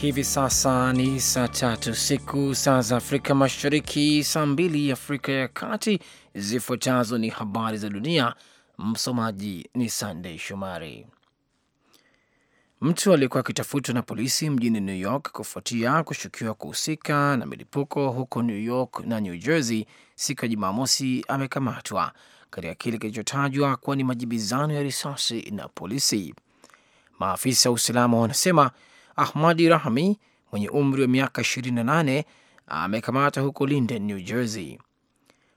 Hivi sasa ni saa tatu siku saa za Afrika Mashariki, saa mbili Afrika ya Kati. Zifuatazo ni habari za dunia, msomaji ni Sandei Shomari. Mtu aliyekuwa akitafutwa na polisi mjini New York kufuatia kushukiwa kuhusika na milipuko huko New York na New Jersey siku ya Jumamosi amekamatwa katika kile kilichotajwa kuwa ni majibizano ya risasi na polisi. Maafisa wa usalama wanasema Ahmadi Rahmi mwenye umri wa miaka 28 amekamata huko Linden, New Jersey.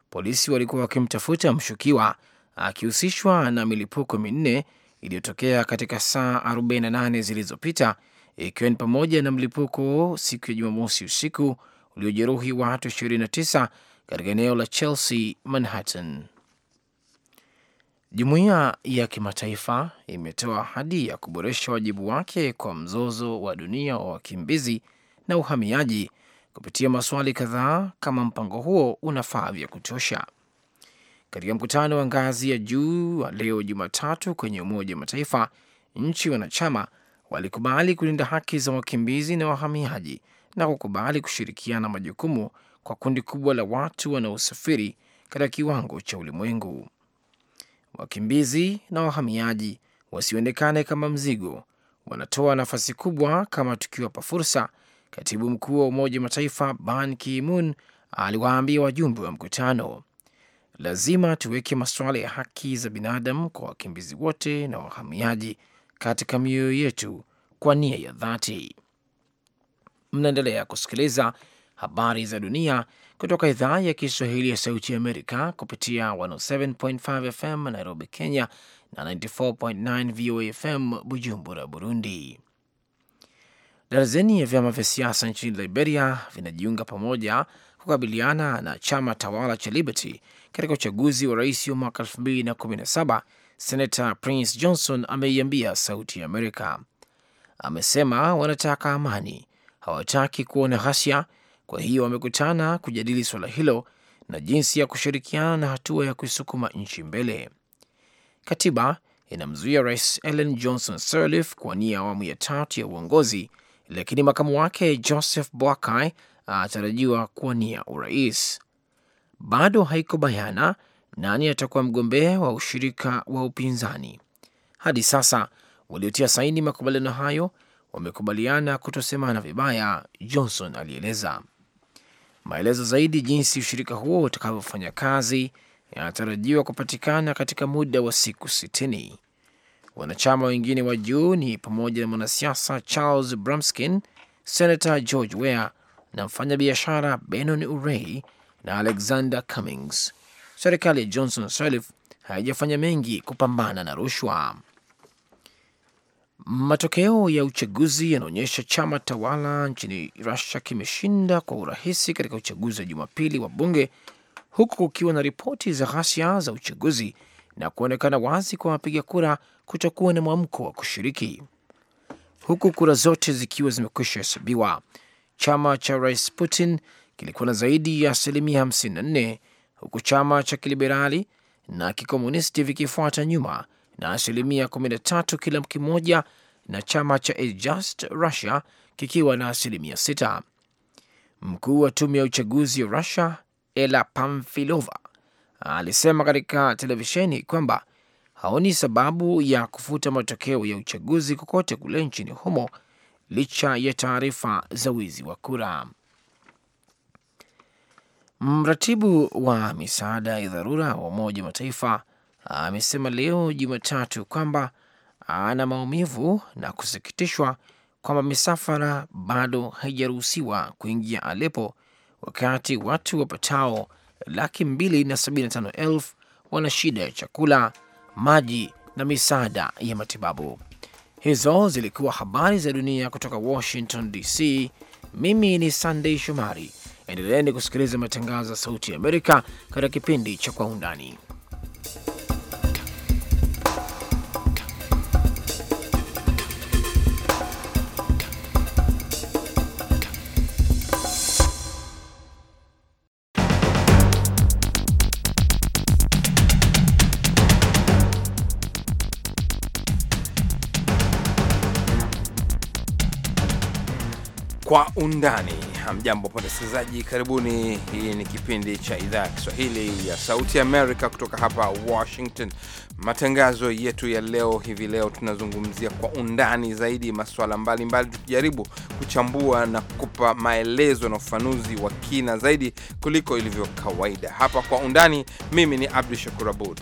Polisi walikuwa wakimtafuta mshukiwa akihusishwa na milipuko minne iliyotokea katika saa 48 zilizopita ikiwa ni pamoja na mlipuko siku ya Jumamosi usiku uliojeruhi watu 29 katika eneo la Chelsea, Manhattan. Jumuiya ya kimataifa imetoa ahadi ya kuboresha wajibu wake kwa mzozo wa dunia wa wakimbizi na uhamiaji kupitia maswali kadhaa kama mpango huo unafaa vya kutosha. Katika mkutano wa ngazi ya juu wa leo Jumatatu kwenye Umoja wa Mataifa, nchi wanachama walikubali kulinda haki za wakimbizi na wahamiaji na kukubali kushirikiana majukumu kwa kundi kubwa la watu wanaosafiri katika kiwango cha ulimwengu wakimbizi na wahamiaji wasionekane kama mzigo, wanatoa nafasi kubwa kama tukiwapa fursa, katibu mkuu wa Umoja wa Mataifa Ban Ki-moon aliwaambia wajumbe wa mkutano. Lazima tuweke masuala ya haki za binadamu kwa wakimbizi wote na wahamiaji katika mioyo yetu kwa nia ya dhati. Mnaendelea kusikiliza Habari za dunia kutoka idhaa ya Kiswahili ya Sauti ya Amerika kupitia 107.5 FM Nairobi, Kenya na 94.9 VOA FM Bujumbura, Burundi. Darazeni ya vyama vya siasa nchini Liberia vinajiunga pamoja kukabiliana na chama tawala cha Liberty katika uchaguzi wa rais wa mwaka 2017. Senata Prince Johnson ameiambia Sauti ya Amerika, amesema wanataka amani, hawataki kuona ghasia kwa hiyo wamekutana kujadili suala hilo na jinsi ya kushirikiana na hatua ya kuisukuma nchi mbele. Katiba inamzuia Rais Ellen Johnson Sirleaf kuwania awamu ya tatu ya uongozi, lakini makamu wake Joseph Boakai anatarajiwa kuwania urais. Bado haiko bayana nani atakuwa mgombea wa ushirika wa upinzani. Hadi sasa waliotia saini makubaliano hayo wamekubaliana kutosemana vibaya, Johnson alieleza. Maelezo zaidi jinsi ushirika huo utakavyofanya kazi yanatarajiwa kupatikana katika muda wa siku sitini. Wanachama wengine wa juu ni pamoja na mwanasiasa Charles Brumskin, senato George Weah na mfanyabiashara Benon Urey na Alexander Cummings. Serikali ya Johnson Sirleaf haijafanya mengi kupambana na rushwa. Matokeo ya uchaguzi yanaonyesha chama tawala nchini Rusia kimeshinda kwa urahisi katika uchaguzi wa Jumapili wa bunge, huku kukiwa na ripoti za ghasia za uchaguzi na kuonekana wazi kwa wapiga kura kutokuwa na mwamko wa kushiriki. Huku kura zote zikiwa zimekwisha hesabiwa, chama cha rais Putin kilikuwa na zaidi ya asilimia 54 huku chama cha kiliberali na kikomunisti vikifuata nyuma na asilimia 13 kila kimoja, na chama cha Just Russia kikiwa na asilimia 6. Mkuu wa tume ya uchaguzi wa Russia Ela Pamfilova alisema katika televisheni kwamba haoni sababu ya kufuta matokeo ya uchaguzi kokote kule nchini humo licha ya taarifa za wizi wa kura. Mratibu wa misaada ya dharura wa Umoja wa Mataifa amesema leo Jumatatu kwamba ana maumivu na kusikitishwa kwamba misafara bado haijaruhusiwa kuingia Alepo wakati watu wapatao laki mbili na sabini na tano elfu wana shida ya chakula, maji na misaada ya matibabu. Hizo zilikuwa habari za dunia kutoka Washington DC. Mimi ni Sandei Shomari. Endeleeni kusikiliza matangazo ya Sauti ya Amerika katika kipindi cha Kwa Undani. undani. Hamjambo pote msikilizaji, karibuni. Hii ni kipindi cha idhaa ya Kiswahili ya Sauti Amerika kutoka hapa Washington. Matangazo yetu ya leo hivi leo tunazungumzia kwa undani zaidi masuala mbalimbali, tukijaribu kuchambua na kupa maelezo na ufanuzi wa kina zaidi kuliko ilivyo kawaida hapa kwa undani. Mimi ni Abdu Shakur Abud.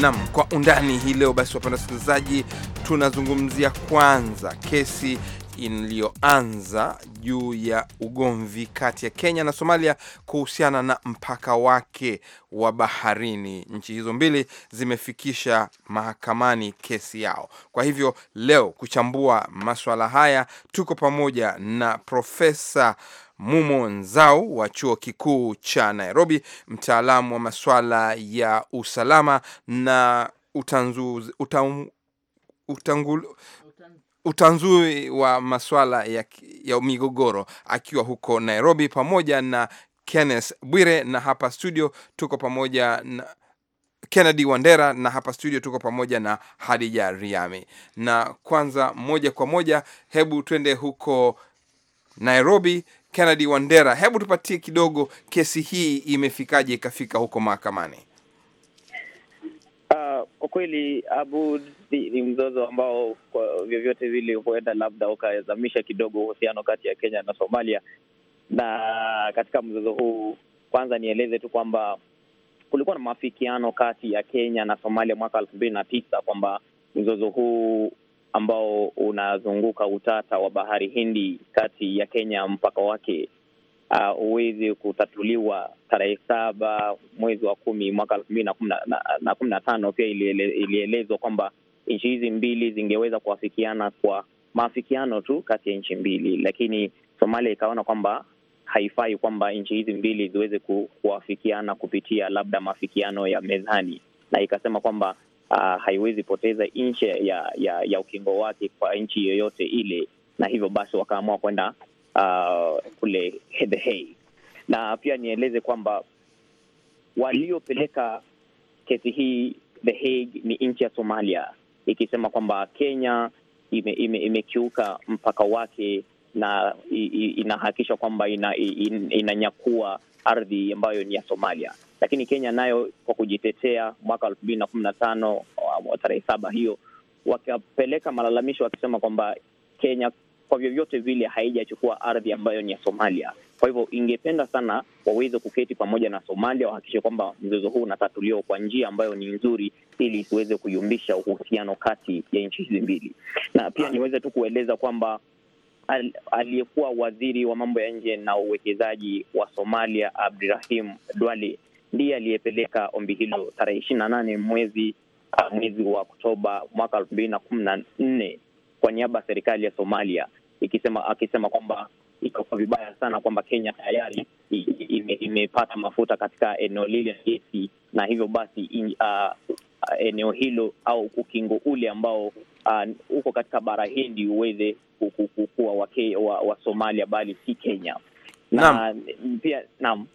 Nam kwa undani hii leo. Basi wapenda wasikilizaji, tunazungumzia kwanza kesi iliyoanza juu ya ugomvi kati ya Kenya na Somalia kuhusiana na mpaka wake wa baharini. Nchi hizo mbili zimefikisha mahakamani kesi yao. Kwa hivyo leo kuchambua maswala haya, tuko pamoja na Profesa Mumo Nzau wa chuo kikuu cha Nairobi, mtaalamu wa masuala ya usalama na utanzu, utam, utangul, utanzui wa masuala ya, ya migogoro akiwa huko Nairobi, pamoja na Kenneth Bwire na hapa studio tuko pamoja na Kennedy Wandera na hapa studio tuko pamoja na Hadija Riami. Na kwanza moja kwa moja, hebu twende huko Nairobi Kennedy Wandera, hebu tupatie kidogo, kesi hii imefikaje ikafika huko mahakamani? Ah, kwa kweli abu ni mzozo ambao kwa vyovyote vile huenda labda ukazamisha kidogo uhusiano kati ya Kenya na Somalia. Na katika mzozo huu, kwanza nieleze tu kwamba kulikuwa na maafikiano kati ya Kenya na Somalia mwaka elfu mbili na tisa kwamba mzozo huu ambao unazunguka utata wa bahari Hindi kati ya Kenya mpaka wake ah, huwezi uh, kutatuliwa. Tarehe saba mwezi wa kumi mwaka elfu mbili na kumi na tano pia ilielezwa kwamba nchi hizi mbili zingeweza kuafikiana kwa maafikiano tu kati ya nchi mbili, lakini Somalia ikaona kwamba haifai kwamba nchi hizi mbili ziweze kuafikiana kupitia labda maafikiano ya mezani, na ikasema kwamba uh, haiwezi poteza nchi ya, ya, ya ukingo wake kwa nchi yoyote ile, na hivyo basi wakaamua kwenda uh, kule The Hague. Na pia nieleze kwamba waliopeleka kesi hii The Hague ni nchi ya Somalia, ikisema kwamba Kenya imekiuka ime, ime mpaka wake na inahakikisha kwamba inanyakua ina, ina ardhi ambayo ni ya Somalia. Lakini Kenya nayo kwa kujitetea, mwaka elfu mbili na kumi na tano tarehe saba hiyo wakapeleka malalamisho wakisema kwamba Kenya kwa vyovyote vile haijachukua ardhi ambayo ni ya Somalia. Kwa hivyo ingependa sana waweze kuketi pamoja na Somalia, wahakikishe kwamba mzozo huu unatatuliwa kwa njia ambayo ni nzuri, ili isiweze kuyumbisha uhusiano kati ya nchi hizi mbili. Na pia niweze tu kueleza kwamba aliyekuwa waziri wa mambo ya nje na uwekezaji wa Somalia Abdirahim Dwale ndiye aliyepeleka ombi hilo tarehe ishirini na nane mwezi ah, mwezi wa Oktoba mwaka elfu mbili na kumi na nne kwa niaba ya serikali ya Somalia ikisema akisema kwamba itakuwa vibaya sana kwamba Kenya tayari imepata ime mafuta katika eneo lile na gesi na hivyo basi in, uh, eneo hilo au ukingo ule ambao uh, katika bara Hindi uweze kuwa wa, wa, wa Somalia bali si Kenya.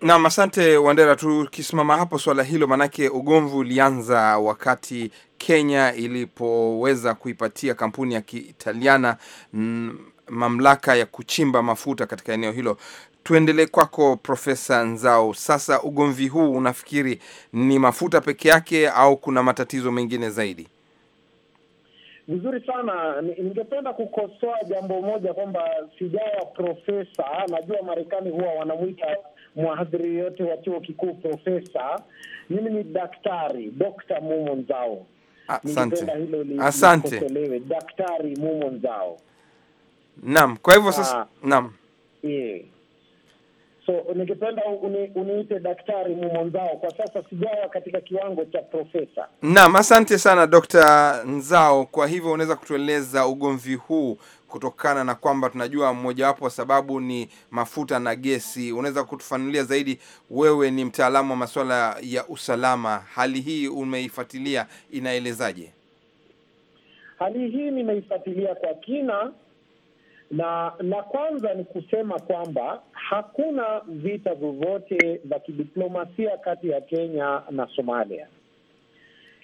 Naam, asante Wandera, tukisimama hapo swala hilo, maanake ugomvi ulianza wakati Kenya ilipoweza kuipatia kampuni ya Kiitaliana mm, mamlaka ya kuchimba mafuta katika eneo hilo. Tuendelee kwako Profesa Nzao. Sasa ugomvi huu unafikiri ni mafuta peke yake au kuna matatizo mengine zaidi? Vizuri sana. Ningependa kukosoa jambo moja kwamba sijawa profesa. Najua Marekani huwa wanamwita mhadhiri yote wa chuo kikuu profesa. Mimi ni daktari, Dr. Mumo Nzao. Ah, asante, asante. Daktari Mumo Nzao. Naam, kwa hivyo sasa, ah. naam, yeah. So ningependa uni, uniite daktari Mumonzao, kwa sasa sijawa katika kiwango cha profesa. Naam, asante sana Dr. Nzao. Kwa hivyo unaweza kutueleza ugomvi huu kutokana na kwamba tunajua mmojawapo wa sababu ni mafuta na gesi. Unaweza kutufanulia zaidi, wewe ni mtaalamu wa masuala ya usalama, hali hii umeifuatilia, inaelezaje? Hali hii nimeifuatilia kwa kina na la kwanza ni kusema kwamba hakuna vita vyovyote vya kidiplomasia kati ya Kenya na Somalia.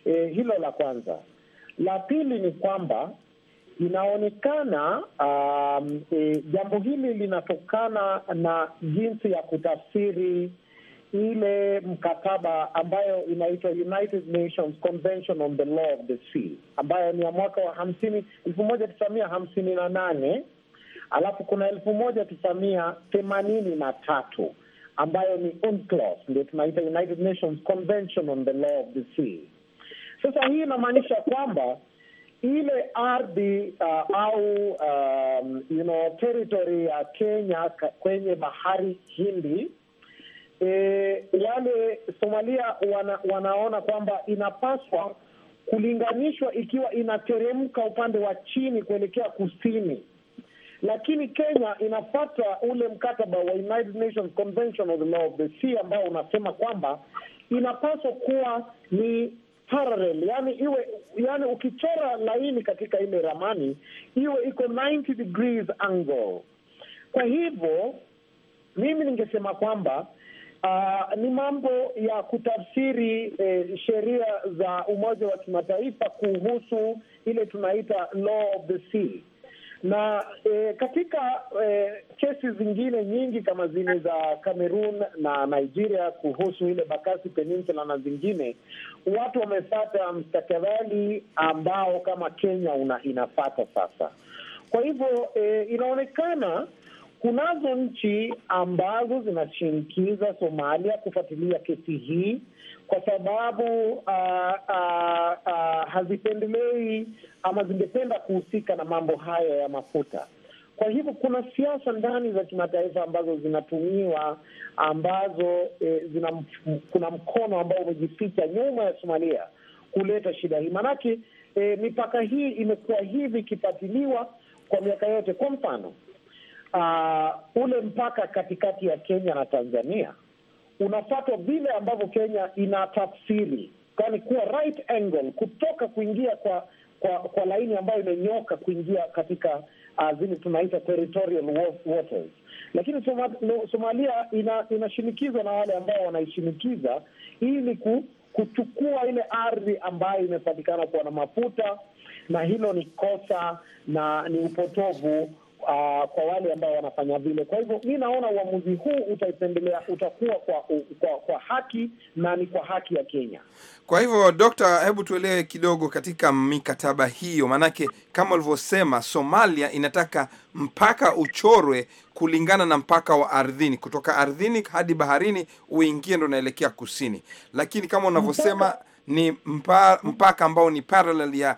E, hilo la kwanza. La pili ni kwamba inaonekana um, e, jambo hili linatokana na jinsi ya kutafsiri ile mkataba ambayo inaitwa United Nations Convention on the Law of the Sea ambayo ni ya mwaka wa hamsini elfu moja tisamia hamsini na nane alafu kuna elfu moja tisa mia themanini na tatu ambayo ni UNCLOS, ndio tunaita United Nations Convention on the Law of the Sea. Sasa hii inamaanisha kwamba ile ardhi uh, au um, you know, territory ya Kenya kwenye bahari Hindi e, wale Somalia wana, wanaona kwamba inapaswa kulinganishwa ikiwa inateremka upande wa chini kuelekea kusini lakini Kenya inafata ule mkataba wa United Nations Convention the Law of the Sea ambao unasema kwamba inapaswa kuwa ni parallel, yani iwe yani, ukichora laini katika ile ramani iwe iko 90 degrees angle. Kwa hivyo mimi ningesema kwamba Uh, ni mambo ya kutafsiri eh, sheria za Umoja wa Kimataifa kuhusu ile tunaita law of the sea na e, katika e, kesi zingine nyingi kama zile za Cameroon na Nigeria kuhusu ile bakasi Peninsula na zingine, watu wamefata mstakabali ambao kama Kenya una inafata sasa. Kwa hivyo e, inaonekana Kunazo nchi ambazo zinashinikiza Somalia kufuatilia kesi hii kwa sababu uh, uh, uh, hazipendelei ama zingependa kuhusika na mambo haya ya mafuta. Kwa hivyo kuna siasa ndani za kimataifa ambazo zinatumiwa ambazo eh, zina, kuna mkono ambao umejificha nyuma ya Somalia kuleta shida hii maanake, eh, mipaka hii imekuwa hivi ikifuatiliwa kwa miaka yote. Kwa mfano uh, ule mpaka katikati ya Kenya na Tanzania unafuatwa vile ambavyo Kenya inatafsiri, kani kuwa right angle kutoka kuingia kwa kwa, kwa laini ambayo imenyoka kuingia katika uh, zile tunaita territorial waters, lakini Somalia ina, inashinikizwa na wale ambao wanaishinikiza ili ku, kuchukua ile ardhi ambayo imepatikana kuwa na mafuta, na hilo ni kosa na ni upotovu uh, kwa wale ambao wanafanya vile. Kwa hivyo mi naona uamuzi huu utaipendelea, utakuwa kwa, kwa, kwa haki na ni kwa haki ya Kenya. Kwa hivyo Dokta, hebu tuelewe kidogo katika mikataba hiyo, maanake kama ulivyosema, Somalia inataka mpaka uchorwe kulingana na mpaka wa ardhini, kutoka ardhini hadi baharini uingie, ndo unaelekea kusini, lakini kama unavyosema ni mpa, mpaka ambao ni parallel ya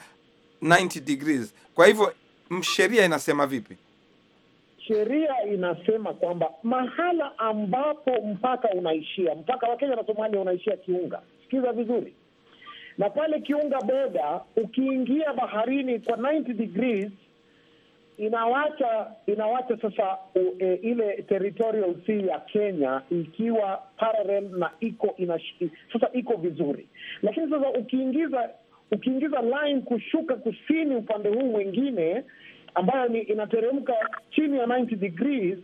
90 degrees. Kwa hivyo sheria inasema vipi? sheria inasema kwamba mahala ambapo mpaka unaishia, mpaka wa Kenya na Somalia unaishia Kiunga. Sikiza vizuri, na pale Kiunga boda ukiingia baharini kwa 90 degrees inawacha inawacha sasa u, e, ile territorial sea ya Kenya ikiwa parallel na iko inashiki, sasa iko vizuri, lakini sasa ukiingiza ukiingiza line kushuka kusini upande huu mwingine ambayo ni inateremka chini ya 90 degrees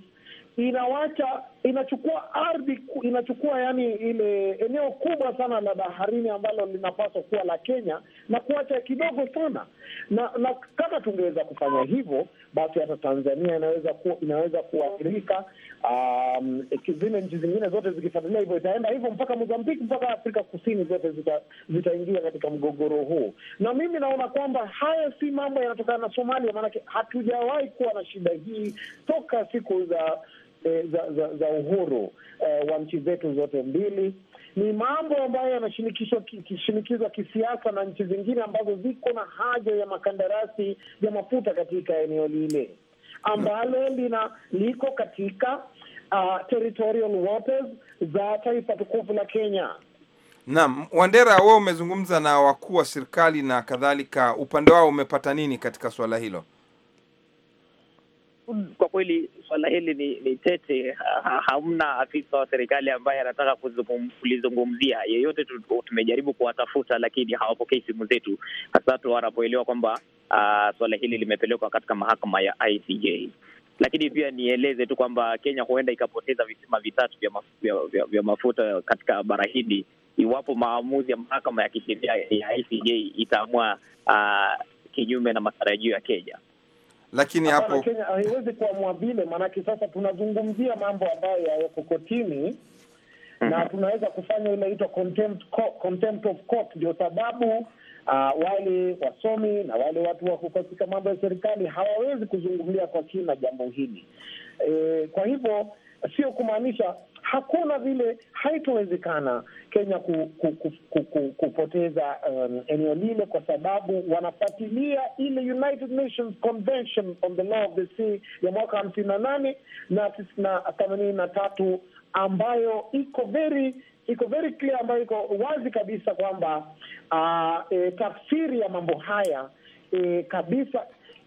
inawacha inachukua ardhi, inachukua yani ile eneo kubwa sana la baharini ambalo linapaswa kuwa la Kenya na kuacha kidogo sana, na na kama tungeweza kufanya hivyo, basi hata Tanzania inaweza ku, inaweza kuathirika. Um, zile nchi zingine zote zikifuatilia hivyo, itaenda hivyo mpaka Mozambiki, mpaka Afrika Kusini, zote zitaingia zita katika mgogoro huu, na mimi naona kwamba haya si mambo yanatokana na Somalia, maanake hatujawahi kuwa na shida hii toka siku za Eh, za, za, za uhuru eh, wa nchi zetu zote mbili. Ni mambo ambayo yanashinikizwa kisiasa na nchi zingine ambazo ziko na haja ya makandarasi ya mafuta katika eneo lile ambalo lina liko katika uh, territorial waters za taifa tukufu la Kenya. Naam, Wandera, wewe umezungumza na wakuu wa serikali na kadhalika, upande wao umepata nini katika suala hilo? Kwa kweli suala hili ni, ni tete ha, hamna afisa wa serikali ambaye anataka kulizungumzia. Yeyote tumejaribu kuwatafuta, lakini hawapokei simu zetu, hasa tu wanapoelewa kwamba uh, ah, suala hili limepelekwa katika mahakama ya ICJ. Lakini pia nieleze tu kwamba Kenya huenda ikapoteza visima vitatu vya, maf vya, vya, vya mafuta katika bara hili iwapo maamuzi ya mahakama ya kisheria ya ICJ itaamua uh, kinyume na matarajio ya Kenya lakini hapo haiwezi kuamua vile, maanake sasa tunazungumzia mambo ambayo yaweko kotini mhm. na tunaweza kufanya ile inaitwa contempt, contempt of court. Ndio sababu uh, wale wasomi na wale watu wako katika mambo ya serikali hawawezi kuzungumzia kwa kina jambo hili e, kwa hivyo sio kumaanisha hakuna vile, haitowezekana Kenya ku, ku, ku, ku, ku, kupoteza um, eneo lile, kwa sababu wanafuatilia ile United Nations Convention on the Law of the Sea ya mwaka hamsini na nane na themanini na tatu ambayo iko very iko very clear, ambayo iko wazi kabisa kwamba uh, e, tafsiri ya mambo haya e, kabisa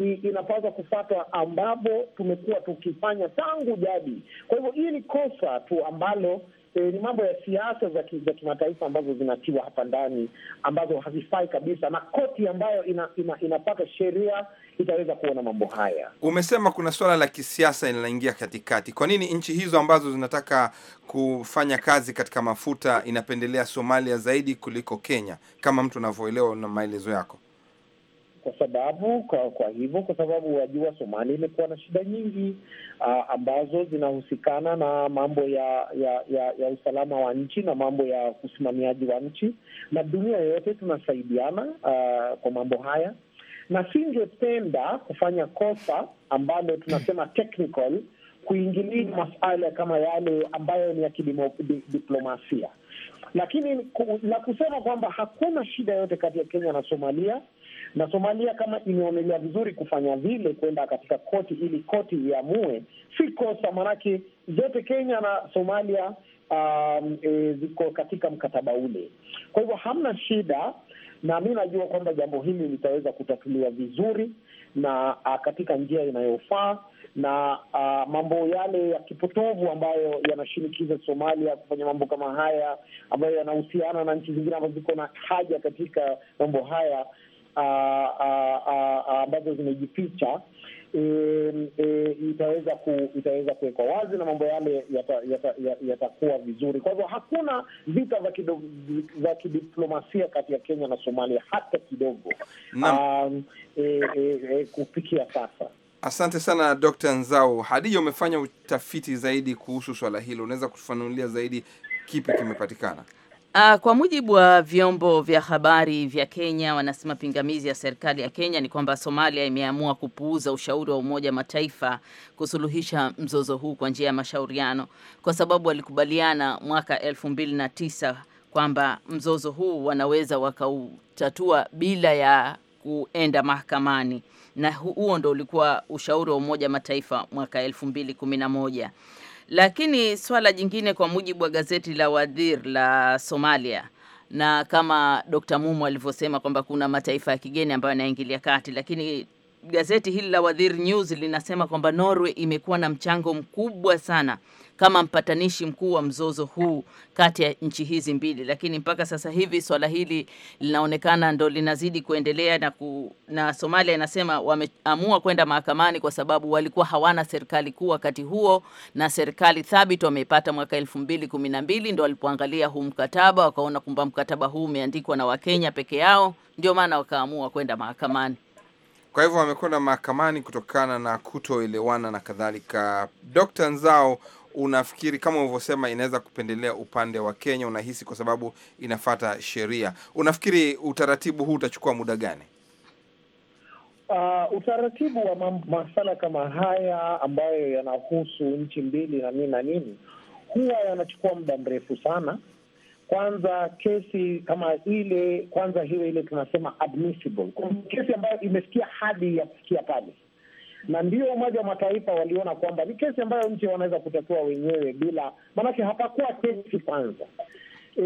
inapaswa kufata ambapo tumekuwa tukifanya tangu jadi. Kwa hivyo hii ni kosa tu ambalo E, ni mambo ya siasa za kimataifa ambazo zinatiwa hapa ndani ambazo hazifai kabisa, na koti ambayo ina, ina, inapata sheria itaweza kuona mambo haya. Umesema kuna suala la kisiasa linaingia katikati. Kwa nini nchi hizo ambazo zinataka kufanya kazi katika mafuta inapendelea Somalia zaidi kuliko Kenya, kama mtu anavyoelewa na maelezo yako? kwa sababu kwa, kwa hivyo kwa sababu wajua, somali imekuwa na shida nyingi uh, ambazo zinahusikana na mambo ya ya, ya ya usalama wa nchi na mambo ya usimamiaji wa nchi, na dunia yote tunasaidiana uh, kwa mambo haya, na singependa kufanya kosa ambalo tunasema technical kuingilia masala kama yale ambayo ni ya kidiplomasia di, lakini la kusema kwamba hakuna shida yote kati ya Kenya na Somalia, na Somalia kama imeonelea vizuri kufanya vile, kwenda katika koti ili koti iamue, si kosa, maanake zote Kenya na Somalia um, e, ziko katika mkataba ule. Kwa hivyo hamna shida, na mi najua kwamba jambo hili litaweza kutatuliwa vizuri na katika njia inayofaa na uh, mambo yale ya kipotovu ambayo yanashinikiza Somalia kufanya mambo kama haya ambayo yanahusiana na nchi zingine ambazo ziko na haja katika mambo haya ah, ah, ambazo uh, uh, uh, zimejificha e, e, itaweza ku, itaweza kuwekwa wazi na mambo yale yatakuwa yata, yata, yata vizuri. Kwa hivyo hakuna vita vya kidiplomasia kati ya Kenya na Somalia hata kidogo, um, e, e, e, kufikia sasa. Asante sana Dr. Nzau. Hadija, umefanya utafiti zaidi kuhusu swala hilo, unaweza kufanulia zaidi kipi kimepatikana? Ah, kwa mujibu wa vyombo vya habari vya Kenya, wanasema pingamizi ya serikali ya Kenya ni kwamba Somalia imeamua kupuuza ushauri wa Umoja Mataifa kusuluhisha mzozo huu kwa njia ya mashauriano, kwa sababu walikubaliana mwaka elfu mbili na tisa kwamba mzozo huu wanaweza wakautatua bila ya kuenda mahakamani, na huo ndo ulikuwa ushauri wa Umoja Mataifa mwaka elfu mbili kumi na moja. Lakini swala jingine kwa mujibu wa gazeti la Wadhir la Somalia na kama Dr. mumu alivyosema kwamba kuna mataifa ya kigeni ambayo yanaingilia kati, lakini gazeti hili la Wadhir News linasema kwamba Norway imekuwa na mchango mkubwa sana kama mpatanishi mkuu wa mzozo huu kati ya nchi hizi mbili, lakini mpaka sasa hivi swala hili linaonekana ndo linazidi kuendelea na, ku, na Somalia inasema wameamua kwenda mahakamani kwa sababu walikuwa hawana serikali kuu wakati huo, na serikali thabiti wameipata mwaka elfu mbili kumi na mbili ndo walipoangalia huu mkataba wakaona kwamba mkataba huu umeandikwa na Wakenya peke yao, ndio maana wakaamua kwenda mahakamani. Kwa hivyo wamekwenda mahakamani kutokana na kutoelewana na kadhalika. Dr. Nzao unafikiri kama ulivyosema inaweza kupendelea upande wa Kenya, unahisi kwa sababu inafata sheria, unafikiri utaratibu huu utachukua muda gani? Uh, utaratibu wa masala kama haya ambayo yanahusu nchi mbili na nini na nini huwa yanachukua muda mrefu sana. Kwanza kesi kama ile, kwanza hiyo ile tunasema admissible, kesi ambayo imefikia hadi ya kufikia pale na ndio Umoja wa Mataifa waliona kwamba ni kesi ambayo nchi wanaweza kutatua wenyewe bila, maanake hapakuwa kesi kwanza. E,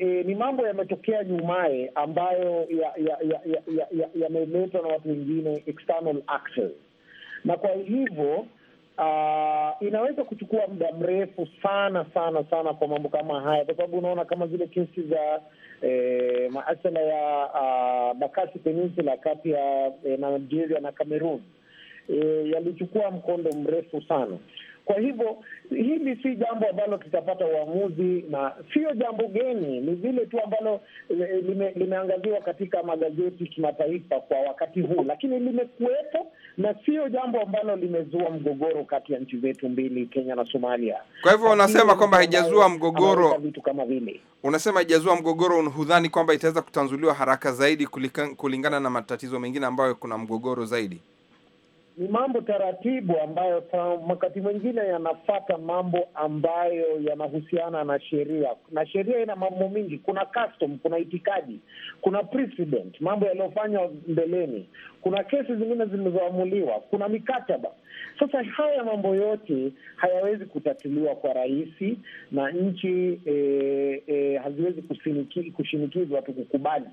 e, ni mambo yametokea nyumaye ambayo yameletwa ya, ya, ya, ya, ya, ya na watu wengine external actors, na kwa hivyo Uh, inaweza kuchukua muda mrefu sana sana sana kwa mambo kama haya, kwa sababu unaona kama zile kesi za eh, maasala ya uh, Bakasi Peninsula kati ya eh, Nigeria na Cameroon e, yalichukua mkondo mrefu sana. Kwa hivyo hili si jambo ambalo tutapata uamuzi, na sio jambo geni, ni vile tu ambalo e, lime, limeangaziwa katika magazeti kimataifa kwa wakati huu, lakini limekuwepo na sio jambo ambalo limezua mgogoro kati ya nchi zetu mbili, Kenya na Somalia. Kwa hivyo unasema kwamba haijazua mgogoro, vitu kama vile unasema haijazua mgogoro, hudhani kwamba itaweza kutanzuliwa haraka zaidi kulingana na matatizo mengine ambayo kuna mgogoro zaidi? ni mambo taratibu ambayo wakati mwingine yanafata mambo ambayo yanahusiana na sheria, na sheria ina mambo mingi. Kuna custom, kuna itikadi, kuna precedent, mambo yaliyofanywa mbeleni, kuna kesi zingine zilizoamuliwa, kuna mikataba. Sasa haya mambo yote hayawezi kutatuliwa kwa rahisi, na nchi e, e, haziwezi kushinikizwa tu kukubali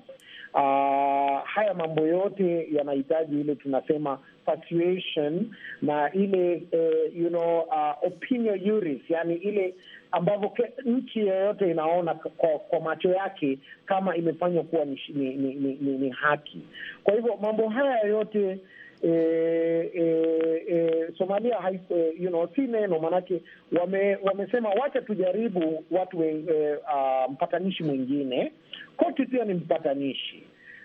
Uh, haya mambo yote yanahitaji ile tunasema persuasion na ile uh, you know, uh, opinion juris, yani ile ambavyo nchi yoyote inaona kwa, kwa macho yake kama imefanywa kuwa ni, ni, ni, ni, ni haki. Kwa hivyo mambo haya yote Eh, eh, eh, Somalia you know, si neno maanake wame, wamesema wacha tujaribu watu e, uh, mpatanishi mwingine. Koti pia ni mpatanishi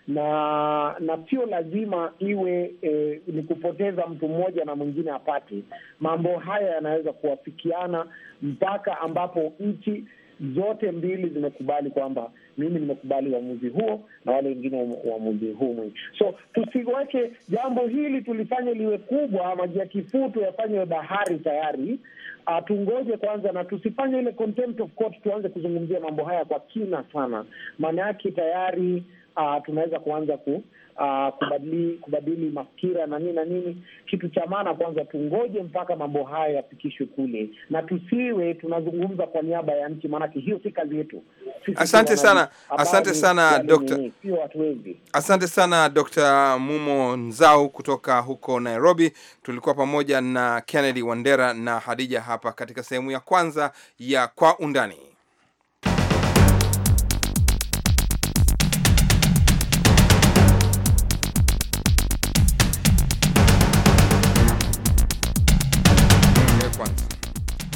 na na sio lazima iwe e, ni kupoteza mtu mmoja na mwingine apate. Mambo haya yanaweza kuwafikiana mpaka ambapo nchi zote mbili zimekubali kwamba mimi nimekubali uamuzi huo na wale wengine uamuzi huu mwingi. So tusiweke jambo hili tulifanye liwe kubwa, maji ya kifutu yafanywe bahari tayari. Uh, tungoje kwanza na tusifanye ile contempt of court, tuanze kuzungumzia mambo haya kwa kina sana, maana yake tayari uh, tunaweza kuanza ku, uh, kubadili, kubadili mafikira na nini na nini. Kitu cha maana kwanza, tungoje mpaka mambo haya yapikishwe kule, na tusiwe tunazungumza kwa niaba ya nchi, maanake hiyo si kazi yetu. Asante sana, asante sana dokta, sio watu wengi. Asante sana Dr. Mumo Nzau kutoka huko Nairobi. Tulikuwa pamoja na Kennedy Wandera na Hadija hapa katika sehemu ya kwanza ya kwa undani.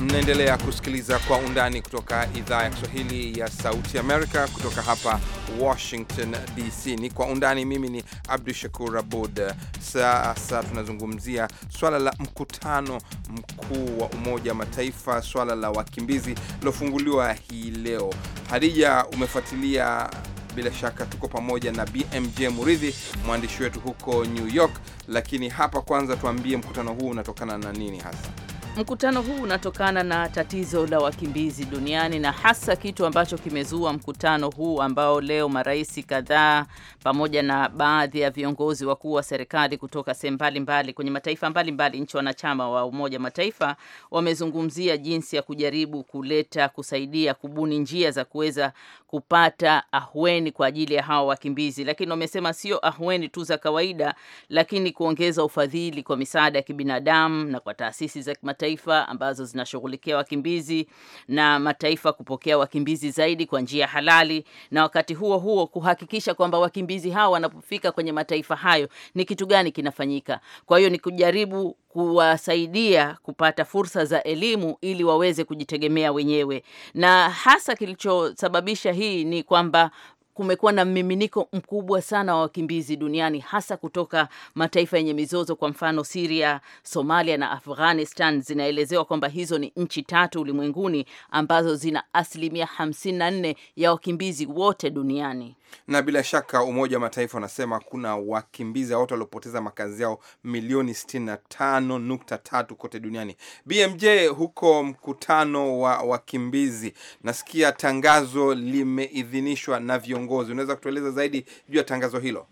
Mnaendelea kusikiliza Kwa Undani kutoka idhaa ya Kiswahili ya Sauti Amerika, kutoka hapa Washington DC. Ni Kwa Undani. Mimi ni Abdu Shakur Abud. Sasa tunazungumzia swala la mkutano mkuu wa Umoja wa Mataifa, swala la wakimbizi lilofunguliwa hii leo. Hadija, umefuatilia bila shaka tuko pamoja na BMJ Muridhi, mwandishi wetu huko New York. Lakini hapa kwanza, tuambie mkutano huu unatokana na nini hasa? Mkutano huu unatokana na tatizo la wakimbizi duniani na hasa kitu ambacho kimezua mkutano huu ambao leo marais kadhaa pamoja na baadhi ya viongozi wakuu wa serikali kutoka sehemu mbalimbali kwenye mataifa mbalimbali nchi wanachama wa Umoja Mataifa wamezungumzia jinsi ya kujaribu kuleta kusaidia kubuni njia za kuweza kupata ahueni kwa ajili ya hawa wakimbizi, lakini wamesema sio ahueni tu za kawaida, lakini kuongeza ufadhili kwa misaada ya kibinadamu na kwa taasisi za kimataifa ambazo zinashughulikia wakimbizi na mataifa kupokea wakimbizi zaidi kwa njia halali, na wakati huo huo kuhakikisha kwamba wakimbizi hawa wanapofika kwenye mataifa hayo ni kitu gani kinafanyika. Kwa hiyo ni kujaribu kuwasaidia kupata fursa za elimu ili waweze kujitegemea wenyewe. Na hasa kilichosababisha hii ni kwamba kumekuwa na mmiminiko mkubwa sana wa wakimbizi duniani hasa kutoka mataifa yenye mizozo. Kwa mfano, siria Somalia na Afghanistan zinaelezewa kwamba hizo ni nchi tatu ulimwenguni ambazo zina asilimia 54 ya wakimbizi wote duniani. Na bila shaka Umoja wa Mataifa unasema kuna wakimbizi wote waliopoteza makazi yao milioni 65.3 kote duniani. BMJ, huko mkutano wa wakimbizi, nasikia tangazo limeidhinishwa na viongozi. Unaweza kutueleza zaidi juu ya tangazo hilo?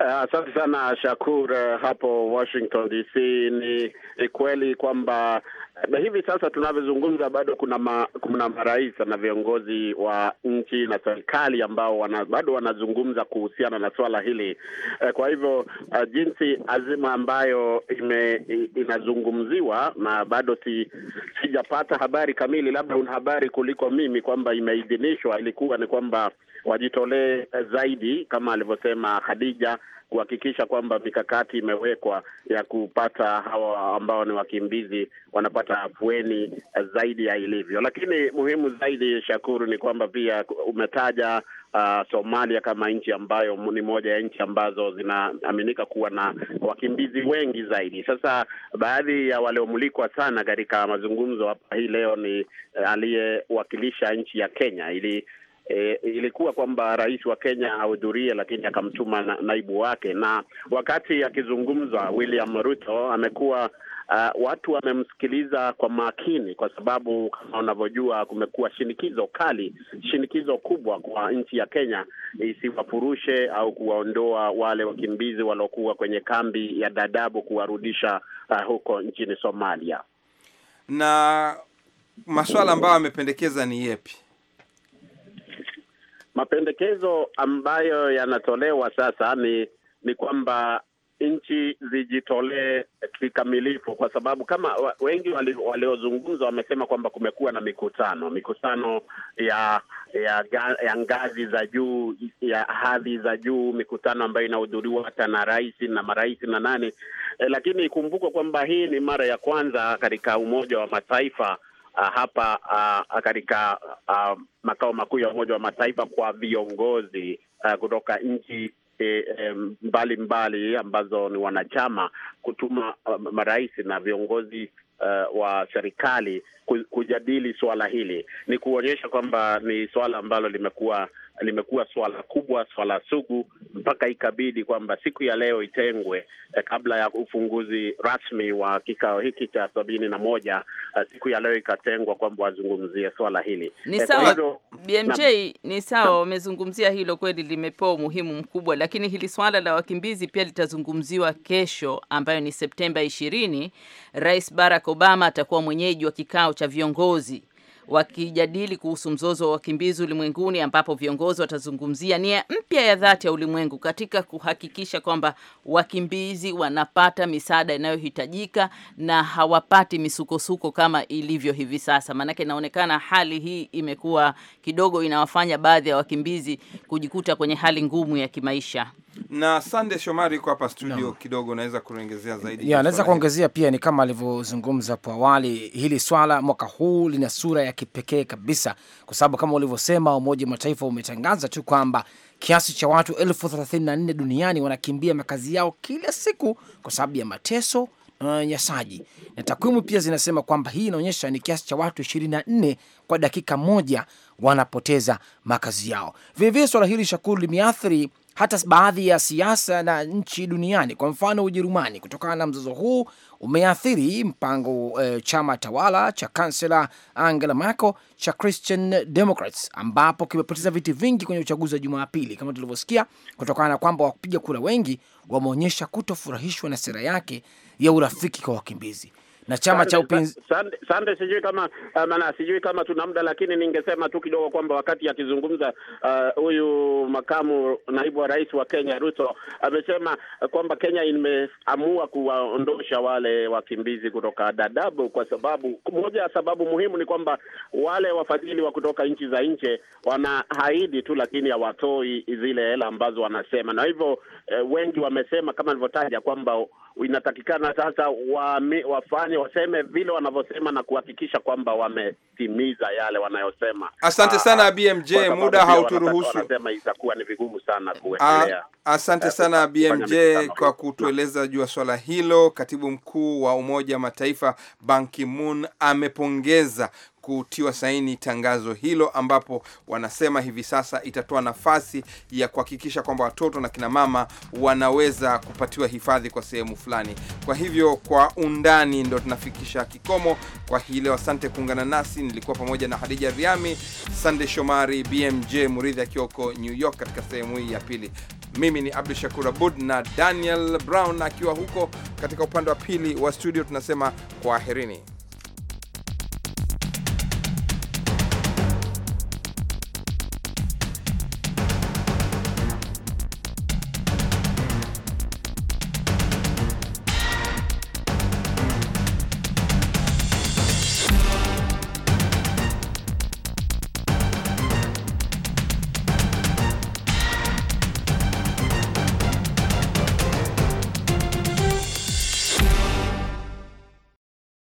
Eh, asante uh, sana Shakur uh, hapo Washington DC. Ni, ni kweli kwamba uh, hivi sasa tunavyozungumza bado kuna ma, kuna marais na viongozi wa nchi na serikali ambao wana, bado wanazungumza kuhusiana na swala hili uh, kwa hivyo uh, jinsi azima ambayo ime, inazungumziwa na bado si, sijapata habari kamili, labda una habari kuliko mimi kwamba imeidhinishwa, ilikuwa ni kwamba wajitolee zaidi, kama alivyosema Khadija, kuhakikisha kwamba mikakati imewekwa ya kupata hawa ambao ni wakimbizi wanapata afueni zaidi ya ilivyo. Lakini muhimu zaidi, Shakuru, ni kwamba pia umetaja uh, Somalia kama nchi ambayo ni moja ya nchi ambazo zinaaminika kuwa na wakimbizi wengi zaidi. Sasa baadhi ya waliomulikwa sana katika mazungumzo hapa hii leo ni uh, aliyewakilisha nchi ya Kenya ili e, ilikuwa kwamba rais wa Kenya ahudhurie, lakini akamtuma na, naibu wake, na wakati akizungumza William Ruto amekuwa Uh, watu wamemsikiliza kwa makini kwa sababu kama unavyojua kumekuwa shinikizo kali, shinikizo kubwa kwa nchi ya Kenya isiwafurushe au kuwaondoa wale wakimbizi waliokuwa kwenye kambi ya dadabu kuwarudisha uh, huko nchini Somalia. Na masuala ambayo amependekeza ni yepi? Mapendekezo ambayo yanatolewa sasa ni ni kwamba nchi zijitolee kikamilifu, kwa sababu kama wengi waliozungumza wamesema kwamba kumekuwa na mikutano mikutano ya ya, ya ngazi za juu ya hadhi za juu, mikutano ambayo inahudhuriwa hata na rais na marais na nani e, lakini ikumbukwe kwamba hii ni mara ya kwanza katika Umoja wa Mataifa uh, hapa uh, katika uh, makao makuu ya Umoja wa Mataifa kwa viongozi uh, kutoka nchi eh, mbalimbali e, mbali, ambazo ni wanachama kutuma uh, marais na viongozi uh, wa serikali kujadili suala hili. Ni kuonyesha kwamba ni suala ambalo limekuwa limekuwa swala kubwa, swala sugu, mpaka ikabidi kwamba siku ya leo itengwe eh, kabla ya ufunguzi rasmi wa kikao hiki cha sabini na moja. Eh, siku ya leo ikatengwa kwamba wazungumzie swala hili. Ni eh, sawa BMJ na, ni sawa wamezungumzia hilo kweli, limepewa umuhimu mkubwa, lakini hili swala la wakimbizi pia litazungumziwa kesho, ambayo ni Septemba ishirini. Rais Barack Obama atakuwa mwenyeji wa kikao cha viongozi wakijadili kuhusu mzozo wa wakimbizi ulimwenguni, ambapo viongozi watazungumzia nia mpya ya dhati ya ulimwengu katika kuhakikisha kwamba wakimbizi wanapata misaada inayohitajika na hawapati misukosuko kama ilivyo hivi sasa. Maanake inaonekana hali hii imekuwa kidogo inawafanya baadhi ya wakimbizi kujikuta kwenye hali ngumu ya kimaisha na Sande Shomari yuko hapa studio no. Kidogo naweza kuongezea zaidi? Yeah, naweza kuongezea pia, ni kama alivyozungumza hapo awali, hili swala mwaka huu lina sura ya kipekee kabisa, kwa sababu kama ulivyosema, Umoja wa Mataifa umetangaza tu kwamba kiasi cha watu elfu thelathini na nne duniani wanakimbia makazi yao kila siku kwa sababu ya mateso na unyanyasaji, na takwimu pia zinasema kwamba hii inaonyesha ni kiasi cha watu ishirini na nne kwa dakika moja wanapoteza makazi yao. Vilevile swala hili, Shakuru, limeathiri hata baadhi ya siasa na nchi duniani. Kwa mfano, Ujerumani, kutokana na mzozo huu umeathiri mpango e, chama tawala cha kansela Angela Merkel cha Christian Democrats ambapo kimepoteza viti vingi kwenye uchaguzi wa Jumapili kama tulivyosikia, kutokana na kwamba wapiga kura wengi wameonyesha kutofurahishwa na sera yake ya urafiki kwa wakimbizi na chama cha upinzani. Sande, sijui kama eh, maana sijui kama tuna muda, lakini ningesema tu kidogo kwamba wakati akizungumza eh, huyu uh, makamu naibu wa rais wa Kenya Ruto amesema kwamba Kenya imeamua kuwaondosha wale wakimbizi kutoka dadabu kwa sababu moja ya sababu muhimu ni kwamba wale wafadhili wa kutoka nchi za nje wanaahidi tu, lakini hawatoi zile hela ambazo wanasema, na hivyo uh, wengi wamesema kama nilivyotaja kwamba inatakikana sasa wame, wafanye waseme vile wanavyosema na kuhakikisha kwamba wametimiza yale wanayosema. Asante ah, sana ah, BMJ, muda hauturuhusu. Wanasema itakuwa ni vigumu sana ah, kuendelea. Asante eh, sana BMJ kwa kutueleza juu ya swala hilo. Katibu mkuu wa Umoja wa Mataifa Ban Ki-moon amepongeza kutiwa saini tangazo hilo, ambapo wanasema hivi sasa itatoa nafasi ya kuhakikisha kwamba watoto na kinamama wanaweza kupatiwa hifadhi kwa sehemu fulani. Kwa hivyo, kwa undani ndo tunafikisha kikomo kwa hii leo. Asante kuungana nasi, nilikuwa pamoja na Hadija Riami, Sande Shomari, BMJ Muridhi akiwa huko New York katika sehemu hii ya pili. Mimi ni Abdu Shakur Abud na Daniel Brown akiwa huko katika upande wa pili wa studio, tunasema kwaherini.